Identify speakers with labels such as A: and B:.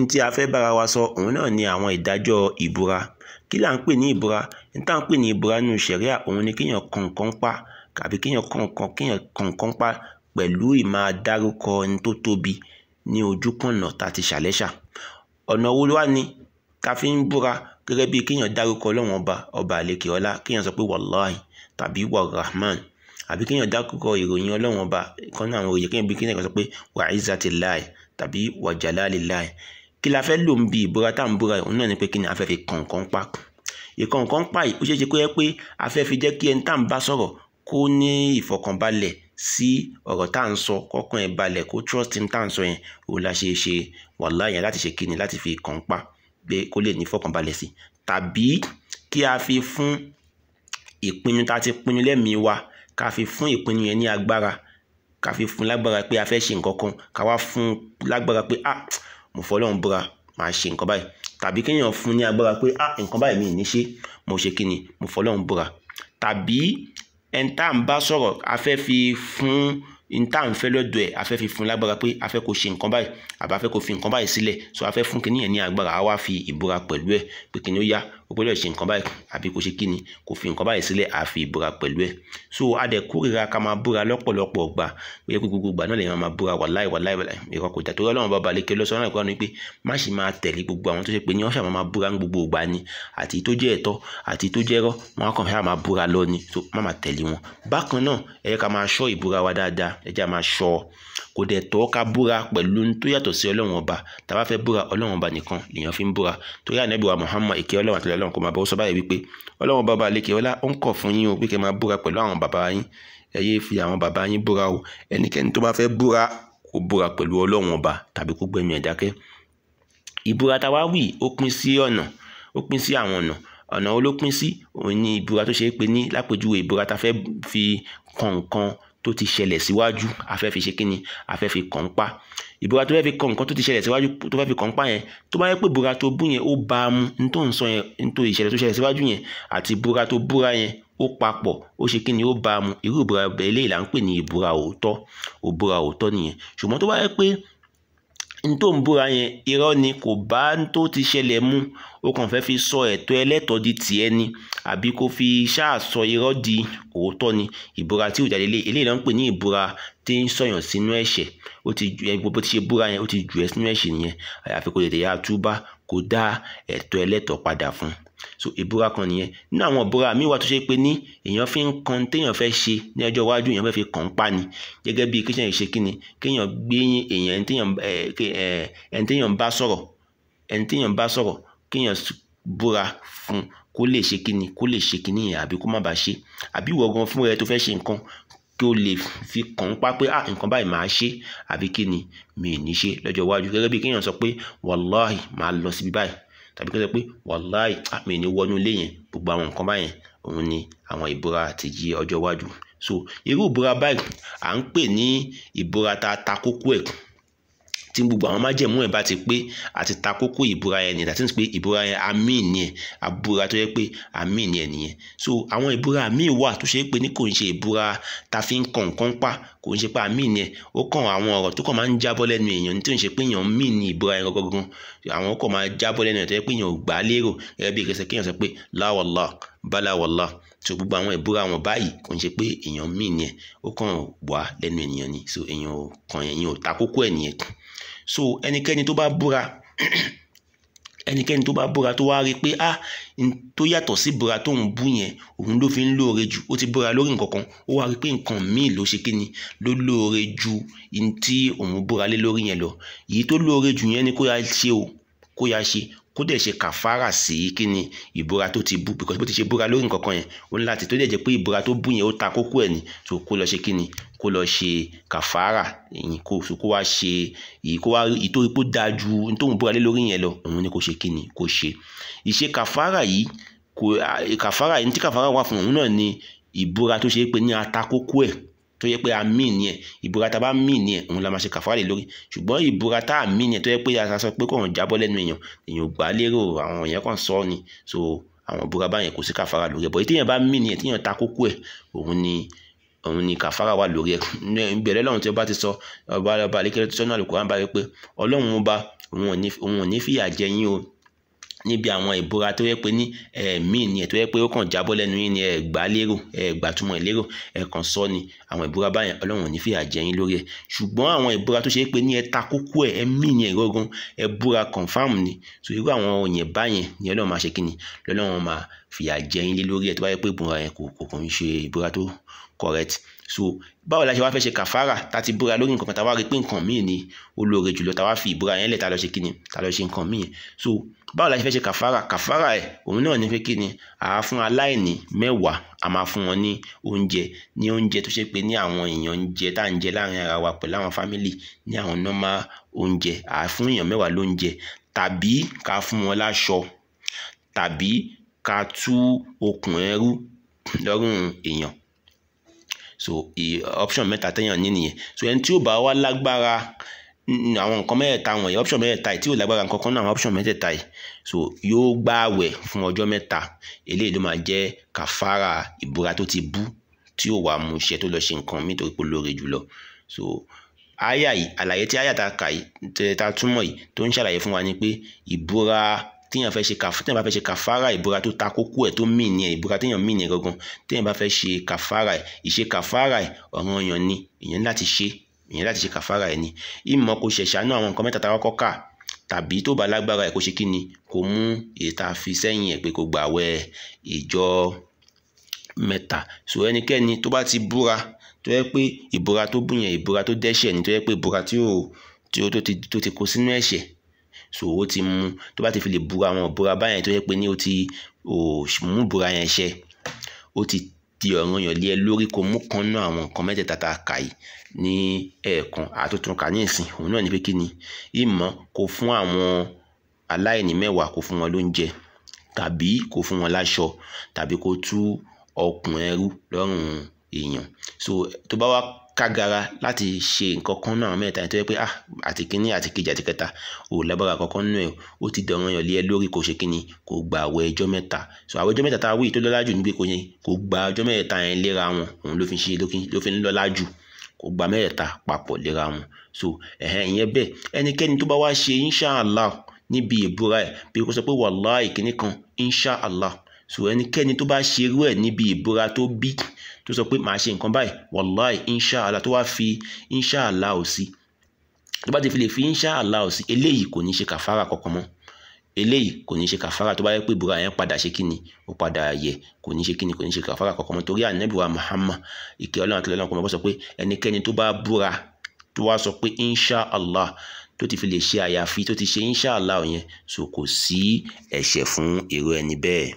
A: n tí a fẹ́ bára wa sọ òun náà ni àwọn ìdájọ́ ìbúra kí là ń pè ní ìbúra n tá à ń pè ní ìbúra nínú ṣẹ̀ríà òun ni kéèyàn kọ̀ǹkan pa àbí kéèyàn kọ̀ǹkan kéèyàn kọ̀ǹkan pa pẹ̀lú ìmáa dárúkọ ẹni tó tóbi ní ojúkànnà tá a ti ṣàlẹ́ṣà ọ̀nà wo wá ni ta fi ń búra gẹ́gẹ́ bíi kéèyàn dárúkọ ọlọ́run ọba ọba àlekè ọlá kéèyàn sọ pé wàláhì tàbí wàrahman àbí kéèyàn dárúkọ ìròyìn ọlọ́run ọba kan náà àwọn òye kéèyàn bí kéèyàn sọ pé wàhíza ti láì tàbí wàjálálì láì kí la fẹ́ lò ń bi ìbúra tá à ń búra òun náà ni pé kí a fẹ́ fi kọ̀ǹkọ̀ǹ pa ìkọ̀ǹkọ̀ǹ pa yìí ó ṣeé ṣe kó yẹ pé a fẹ́ fi jẹ́ kí ẹni tá à ń bá sọ̀rọ̀ kó ní ìfọkànbalẹ̀ sí ọ̀rọ̀ tá à ń sọ kọ́kàn ẹ̀ balẹ̀ kó trust him tá à ń sọ yẹn òun la ṣe ṣe wàhálà yẹn láti ṣe kí ni láti fi kọ̀ǹ pa pé kó lè ní ìfọkànbalẹ̀ sí tàbí kí a fi fún ìpinnu tá a ti pinnu lẹ́mìí wa ká fi fún ìpinnu yẹn ní agbára ká fi fún lágbára pé a fẹ́ ṣe nǹkan kan ká wá fún lágbára pé ah mo fọlọ́run búra màá ṣe nǹkan báyìí tàbí kéèyàn fún ní agbára pé ah nǹkan báyìí mi ì ní ṣe mo ṣe kí ni mo fọlọ́run búra tàbí ẹni tá à ń bá sọ̀rọ̀ a fẹ́ fi fún ní tá à ń fẹ́ lọ́dọ̀ ẹ̀ a fẹ́ fi fún lágbára pé a fẹ́ kó ṣe nǹkan báyìí àbá fẹ́ kó fi nǹkan báyìí sílẹ̀ so a fẹ́ fún kinní yẹn ní agbára a wá fi ìbúra pẹ̀lú ẹ̀ pé kinní ó yá ó gbọ́dọ̀ ṣe nǹkan báyìí àbí kò ṣe kí ni kò fi nǹkan báyìí sílẹ̀ àfi ìbúra pẹ̀lú ẹ̀ so adẹ̀ kórìíra ká máa búra lọ́pọ̀lọpọ̀ gbà bóyá pé gbogbo ìgbà náà lè máa búra wàláì wàláì wàláì ìrọ̀ kò dàtọ́ ọlọ́run bàbá lè ké lọ́sọ̀rọ̀ náà ìkọ́ni pé má ṣe máa tẹ̀lé gbogbo àwọn tó ṣe pé ní wọ́n ṣàmà máa búra ní gbogbo ìgbà ni àti tó jẹ́ ẹ̀tọ́ àti tó jẹ́rọ́ wọn so má máa tẹ̀lé wọn bákan náà ẹ jẹ́ ká máa ṣọ́ ìbúra wa dáadáa ẹ jẹ́ máa ṣọ́ ọ kò dẹ̀ tọ́ ká búra pẹ̀lú tó yàtọ̀ sí ọlọ́run ọba tá a bá fẹ́ búra ọlọ́run ọba nìkan lèèyàn fi ń búra torí ànábì Muhammad ìkẹ́ ọlọ́run àtọ́lá ọlọ́run kò máa bọ́ sọ báyìí wípé ọlọ́run bàbá lékè ọlá ó ń kọ̀ fún yín o pé kẹ́ máa búra pẹ̀lú àwọn bàbá yín ẹ yéé fi àwọn bàbá yín búra o ẹnikẹ́ni tó bá fẹ́ búra kó búra pẹ̀lú ọlọ́run ọba tàbí kó gbẹ̀mí ẹ̀ dákẹ́ ìbúra táwa wì ó pín sí ọ̀nà ó pín sí àwọn ọ̀nà ọ̀nà wo sí òun ni ìbúra tó ṣe é pe ní lápèjúwe ìbúra tá a fẹ́ fi kọ̀ọ̀kan tó ti ṣẹlẹ̀ síwájú a ṣe kíni a fẹ́ fi kọ̀ọ̀pá ìbúra tó fẹ́ fi kọ nǹkan tó ti ṣẹlẹ̀ síwájú tó fẹ́ fi kàn pa yẹn tó bá yẹ pé ìbúra tó bú yẹn ó bá a mu ní tó ń sọ yẹn ní tó ìṣẹ̀lẹ̀ tó ṣẹlẹ̀ síwájú yẹn àti ìbúra tó búra yẹn ó papọ̀ ó ṣe kí ni ó bá a mu irú ìbúra eléyìí là ń pè ní ìbúra òótọ́ òbúra òótọ́ nìyẹn ṣùgbọ́n tó bá yẹ pé ntó ń búra yẹn irọ́ ni kò bá tó ti ṣẹlẹ̀ mu ó kàn fẹ́ fi sọ ẹ̀tọ́ ẹlẹ́tọ̀ọ́ di tiẹ̀ ni àbí kó fi ṣáà sọ irọ́ di òótọ́ ni ìbúra tí ò jáde lé eléyìí náà ń pè ní ìbúra tí ń sọ̀yàn sínú ẹ̀ṣẹ̀ ó ti ju bó ti ṣe búra yẹn ó ti jù ẹ́ sínú ẹ̀ṣẹ̀ nìyẹn àyàfi kó tètè yá túbá kó dá ẹ̀tọ́ ẹlẹ́tọ̀ọ́ padà fún un so ìbúra kan nìyẹn nínú àwọn ìbúra míì wà tó ṣe pé ní èèyàn fi ń kan téèyàn fẹ́ ṣe ní ọjọ́ iwájú èèyàn fẹ́ fi kàn ń pa ni gẹ́gẹ́ bí kéèyàn ṣe kí ni kéèyàn gbé èèyàn ẹni téèyàn bá sọ̀rọ̀ ẹni téèyàn bá sọ̀rọ̀ kéèyàn búra fún kó lè ṣe kíni kó lè ṣe kíni yẹn àbí kó má bàa ṣe àbí ìwọ gan fúnra ẹ tó fẹ́ ṣe nǹkan kí o lè fi kàn ń pa pé ah nǹkan báyìí màá ṣe àbí kí ni mi ì ní ṣe lọ́jọ́ iwájú gẹ́gẹ́ bí kéèyàn sọ pé wàláì màá lọ síbi báyìí tàbí kí wọ́n sọ pé wàláì ah, mi ì ní wọnú ilé yẹn gbogbo àwọn nǹkan báyẹn òun ni àwọn ìbúra àti yí ọjọ́ iwájú so irú ìbúra báyìí à ń pè ní ìbúra ta ta kókó ẹ̀kún tí gbogbo àwọn májẹ̀mú ẹ̀ bá ti pé àti ta kókó ìbúra ẹni that is pé ìbúra ẹ àmín ni àbúra tó yẹ pé àmín ni nìyẹn so àwọn ìbúra àmín wà tó ṣe é pé ní kò ń ṣe ìbúra ta fi ń kàn nǹkan pa kò ń ṣe pé àmín ni ẹ ó kàn àwọn ọ̀rọ̀ tó kàn máa ń jábọ́ lẹ́nu èèyàn ní tí ń ṣe pé èèyàn mí ni ìbúra ẹ gangan àwọn kàn máa jábọ́ lẹ́nu la wallah bala wallah so gbogbo àwọn ìbúra wọn báyìí kò ń ṣe pé èèyàn mí ni ẹ ó kàn wá lẹ́nu ènìyàn ni so èèyàn ò kàn èèyàn ò ta kókó ẹ̀ nìyẹn so ẹnikẹ́ni tó bá búra ẹnikẹ́ni tó bá búra tó wá rí i pé a ah, tó yàtọ̀ sí búra tó ń bú yẹn òun ló fi ń lóore jù ó ti búra lórí nǹkan kan ó wá rí i pé nǹkan míì ló ṣe kíni ló lóore ju tí òun búra lé lórí yẹn lọ èyí tó lóore jù yẹn ni kó yá ṣe o kó yá ṣe kó dẹ̀ ṣe kàfàrà sí kíni ìbúra tó ti bú because bó ti ṣe búra lórí nǹkan kan yẹn ó ní láti tó dẹ̀ jẹ́ pé ìbúra tó bú yẹn ó ta kókó ẹ̀ ni so kó lọ ṣe kíni kó lọ ṣe kàfàrà ẹ̀yìn kó so kó wá ṣe èyí kó wá ìtòrí pé ó dáa ju nítorí búra lé lórí yẹn lọ òun ni kó ṣe kíni kó ṣe ìṣe kàfàrà yìí kò kàfàrà yìí ní tí kàfàrà wà fún òun náà ni ìbúra tó ṣe é pé ní atakókó ẹ̀ tó yẹ pé a mí ni ẹ ìbúra tá a bá mí ni ẹ òun la máa ṣe kàfárà lé lórí ṣùgbọ́n ìbúra tá a mí ni ẹ tó yẹ pé a sọ pé kò hàn jábọ́ lẹ́nu èèyàn èèyàn gbà á lérò àwọn èèyàn kan sọ ni so àwọn ìbúra báyẹn kò sí kàfárà lórí ẹ bọ̀ ètèyàn bá mí ni ẹ téèyàn ta kókó ẹ òun ni òun ni kàfárà wà lórí ẹ ìbẹ̀rẹ̀ lọ́run tí ó bá ti sọ ọba ọba àlékẹ́lẹ́ tó sọ́nà àlùkò níbi àwọn ìbúra tó yẹ pé ní ẹ̀mí ni ẹ̀ tó yẹ pé ó kàn jábọ́ lẹ́nu yín ni ẹ̀ gbà lérò ẹ̀ gbà túmọ̀ lérò ẹ̀ sọ ni àwọn ìbúra báyẹn ọlọ́run ní fìyà jẹ yín lórí ẹ̀ ṣùgbọ́n àwọn ìbúra tó ṣe pé ní ẹ ta ẹ̀ ẹ̀mí ni ẹ̀ gọ́gán ẹ̀ búra confam ni so irú àwọn òyìn báyẹn ni ọlọ́run máa ṣe kí ni lọ́lọ́run máa fìyà jẹ yín lé lórí ẹ̀ tó bá yẹ pé ìbúra yẹn kò kò ń ṣe ìbúra tó correct so báwo la ṣe wá fẹ́ ṣe kàfàrà tá ti búra lórí nǹkan kan tá wá rí pé nǹkan míì ni olóore jùlọ tá wá fi ìbúra yẹn lẹ̀ tá lọ ṣe kíni tá lọ ṣe nǹkan míì so báwo la ṣe fẹ́ ṣe kàfàrà kàfàrà ẹ̀ òun náà ní pé kíni à á fún aláìní mẹ́wàá a máa fún wọn ní oúnjẹ ní oúnjẹ tó ṣe pé ní àwọn èèyàn ń jẹ tá à ń jẹ láàrin ara wa pẹ̀lú àwọn fámìlì ní àwọn nọ́mà oúnjẹ à á fún èèyàn mẹ́wàá lóúnjẹ tàbí ká fún wọn láṣọ tàbí ká tú okùn ẹrú lọ́rùn èèyàn so option mẹ́ta téèyàn ní nìyẹn so ẹni tí ó bá wá lágbára àwọn nǹkan mẹ́ta wọ̀nyí option mẹ́ta tí ò lágbára nǹkan kan náà àwọn option mẹ́tẹ̀ẹ̀ta yìí so yóò gbààwẹ̀ fún ọjọ́ mẹ́ta eléyìí ló máa jẹ́ kàfàrà ìbúra tó ti bú tí ò wá mú iṣẹ́ tó lọ ṣe nǹkan míì torí pé lóore jùlọ so àyà yìí àlàyé tí àyà ta kà yìí tẹ ta túmọ̀ yìí tó ń ṣàlàyé fún wa ni pé ìbúra téèyàn fẹ́ ṣe kàf téèyàn bá fẹ́ ṣe kàfàrà ìbúra tó ta kókó ẹ̀ tó mì ní ẹ̀ ìbúra téèyàn mì ní ẹ̀ gangan téèyàn bá fẹ́ ṣe kàfàrà ẹ̀ ìṣe kàfàrà ẹ̀ ọ̀ràn èèyàn ni èèyàn láti ṣe èèyàn láti ṣe kàfàrà ẹ̀ ni ìmọ̀ kò ṣẹ̀ṣánú àwọn nǹkan mẹ́ta tàwọn kọ́kà tàbí tó bá lágbára ẹ̀ kó ṣe kí ni kó mú èta fi sẹ́yìn ẹ̀ pé kó gbààwẹ̀ ìjọ mẹ́ta so ẹnikẹ́ni tó bá ti búra tó yẹ pé ìbúra tó búyàn ìbúra tó dẹ́ṣẹ̀ ni tó yẹ pé ìbúra tí ó tó ti kó sínú ẹ̀ṣẹ̀ so ó ti mú tó bá ti fi lè búra àwọn òbúra báyẹn tó yẹ pé ní o ti ò mú búra yẹn ṣẹ ó ti di ọ̀ràn yàn lé ẹ lórí kó mú kan náà àwọn nǹkan mẹ́tẹ̀ẹ̀ta tá a kà yìí ní ẹ̀ẹ̀kan àtúntún kà ní ìsìn òun náà ní pé kí ni ìmọ̀ kó fún àwọn aláìní mẹ́wàá kó fún wọn lóúnjẹ tàbí kó fún wọn láṣọ tàbí kó tú ọkùn ẹrú lọ́rùn èèyàn so tó bá wá Kagara láti ṣe nǹkan kan náà mẹ́ta nítorí pé ah àti kínní àti kejì àti kẹta ò lágbára kankan nínú ẹ̀ ó ti dọ̀ràn yàn lé lórí kò ṣe kínní kò gba àwẹ̀ ọjọ́ mẹ́ta so àwẹ̀ ọjọ́ mẹ́ta tá a wí tó lọ́lá jù níbi kò yẹn kò gba ọjọ́ mẹ́ta yẹn léra wọn òun ló fi ṣe ló fi ń lọ́lá jù kò gba mẹ́ta papọ̀ léra wọn so ẹ̀hẹ́n ìyẹn bẹ́ẹ̀ ẹnikẹ́ni tó bá wá ṣe inshallah níbi ìbúra ẹ̀ bí kò sọ pé so ẹnikẹ́ni tó bá ṣerú ẹ̀ níbi ìbúra tó tó sọ pé màá ṣe nǹkan báyìí wàláì inṣàlá tó wá fi inṣàlá ò sí tó bá ti fi lè fi inṣàlá ò sí eléyìí kò ní ṣe kàfàrà kankan mọ́ eléyìí kò ní ṣe kàfàrà tó bá yẹ pé ìbúra yẹn padà ṣe kíni ó padà yẹ kò ní ṣe kíni kò ní ṣe kàfàrà kankan mọ́ torí ànábìwá Muhammad ìkẹ́ ọlọ́run àti ọlọ́run kò mọ̀ sọ pé ẹnikẹ́ni tó bá búra tó wá sọ pé inṣàlá tó ti fi lè ṣe àyàfi tó ti ṣe inṣàlá ò yẹn so kò sí ẹ̀ṣẹ̀ fún èrò ẹni bẹ́ẹ̀